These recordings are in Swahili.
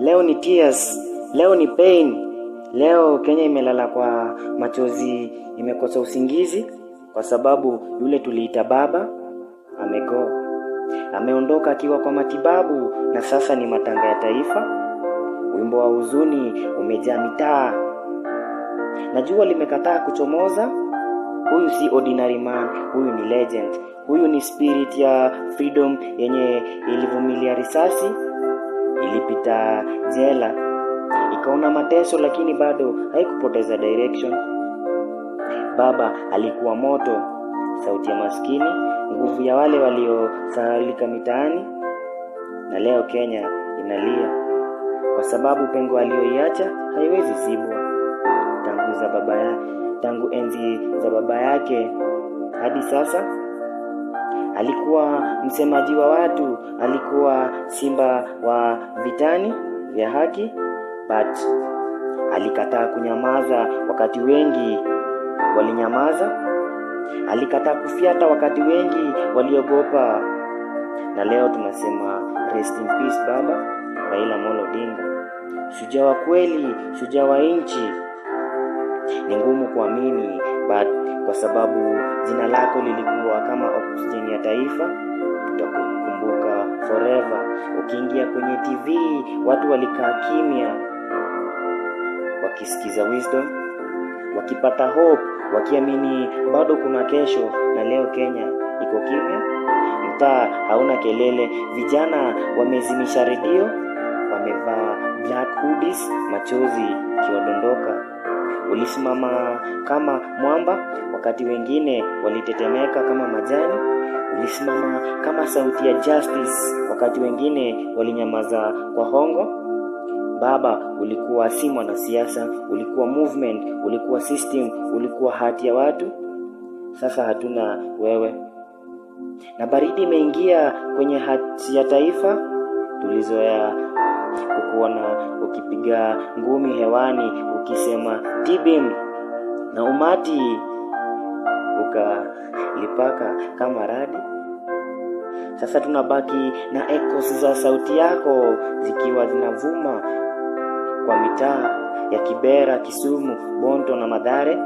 leo ni tears, leo ni pain. Leo Kenya imelala kwa machozi, imekosa usingizi kwa sababu yule tuliita baba amego ameondoka akiwa kwa matibabu, na sasa ni matanga ya taifa. Wimbo wa huzuni umejaa mitaa, na jua limekataa kuchomoza. Huyu si ordinary man, huyu ni legend, huyu ni spirit ya freedom yenye ilivumilia risasi Ilipita jela ikaona mateso, lakini bado haikupoteza direction. Baba alikuwa moto, sauti ya maskini, nguvu ya wale waliosahaulika mitaani. Na leo Kenya inalia kwa sababu pengo aliyoiacha haiwezi zibwa. Tangu za baba tangu enzi za baba yake hadi sasa alikuwa msemaji wa watu, alikuwa simba wa vitani vya haki, but alikataa kunyamaza wakati wengi walinyamaza. Alikataa kufyata wakati wengi waliogopa, na leo tunasema rest in peace baba Raila Amolo Odinga, shujaa wa kweli, shujaa wa nchi. Ni ngumu kuamini but kwa sababu jina lako lilikuwa kama oksijeni ya taifa tutakukumbuka forever ukiingia kwenye tv watu walikaa kimya wakisikiza wisdom wakipata hope wakiamini bado kuna kesho na leo kenya iko kimya mtaa hauna kelele vijana wamezimisha redio wamevaa black hoodies machozi ikiwadondoka ulisimama kama mwamba, wakati wengine walitetemeka kama majani. Ulisimama kama sauti ya justice, wakati wengine walinyamaza kwa hongo. Baba, ulikuwa si mwanasiasa, ulikuwa movement, ulikuwa system, ulikuwa hati ya watu. Sasa hatuna wewe, na baridi imeingia kwenye hati ya taifa tulizoya kukuona ukipiga ngumi hewani ukisema tibim na umati ukalipaka kama radi. Sasa tunabaki na ekos za sauti yako zikiwa zinavuma kwa mitaa ya Kibera, Kisumu, Bonto na Madhare.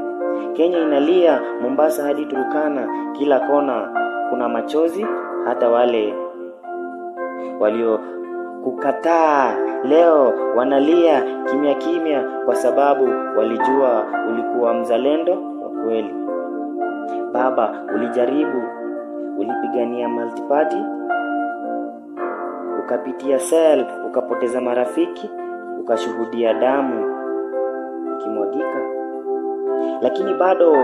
Kenya inalia, Mombasa hadi Turukana, kila kona kuna machozi, hata wale walio kukataa. Leo wanalia kimya kimya, kwa sababu walijua ulikuwa mzalendo wa kweli. Baba, ulijaribu, ulipigania multiparty, ukapitia sel, ukapoteza marafiki, ukashuhudia damu ikimwagika, lakini bado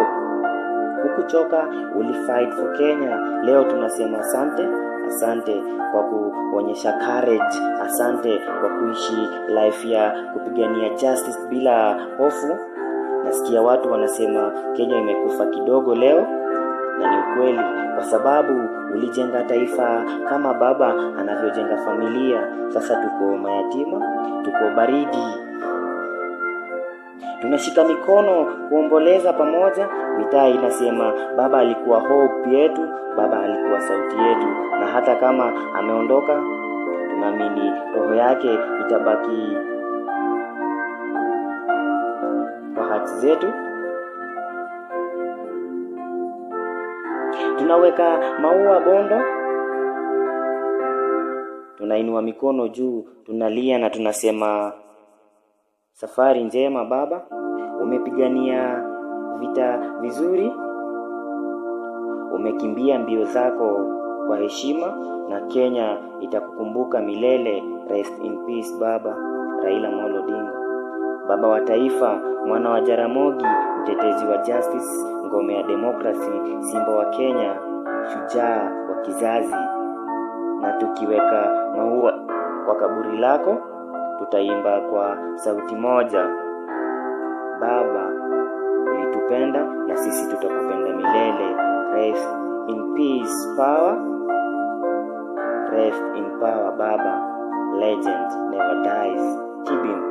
hukuchoka. Ulifight for Kenya. Leo tunasema asante asante kwa kuonyesha courage, asante kwa kuishi life ya kupigania justice bila hofu. Nasikia watu wanasema Kenya imekufa kidogo leo, na ni ukweli, kwa sababu ulijenga taifa kama baba anavyojenga familia. Sasa tuko mayatima, tuko baridi. Tunashika mikono kuomboleza pamoja, mitaa inasema baba alikuwa hope yetu, baba alikuwa sauti yetu, na hata kama ameondoka, tunaamini roho yake itabaki kwa hati zetu. Tunaweka maua Bondo, tunainua mikono juu, tunalia na tunasema Safari njema baba, umepigania vita vizuri, umekimbia mbio zako kwa heshima, na Kenya itakukumbuka milele. Rest in peace baba Raila Amolo Odinga, baba wa taifa, mwana wa Jaramogi, mtetezi wa justice, ngome ya demokrasi, simba wa Kenya, shujaa wa kizazi, na tukiweka maua kwa kaburi lako tutaimba kwa sauti moja: Baba, ulitupenda na sisi tutakupenda milele. Rest in peace, power. Rest in power, Baba. Legend never dies. Tibim.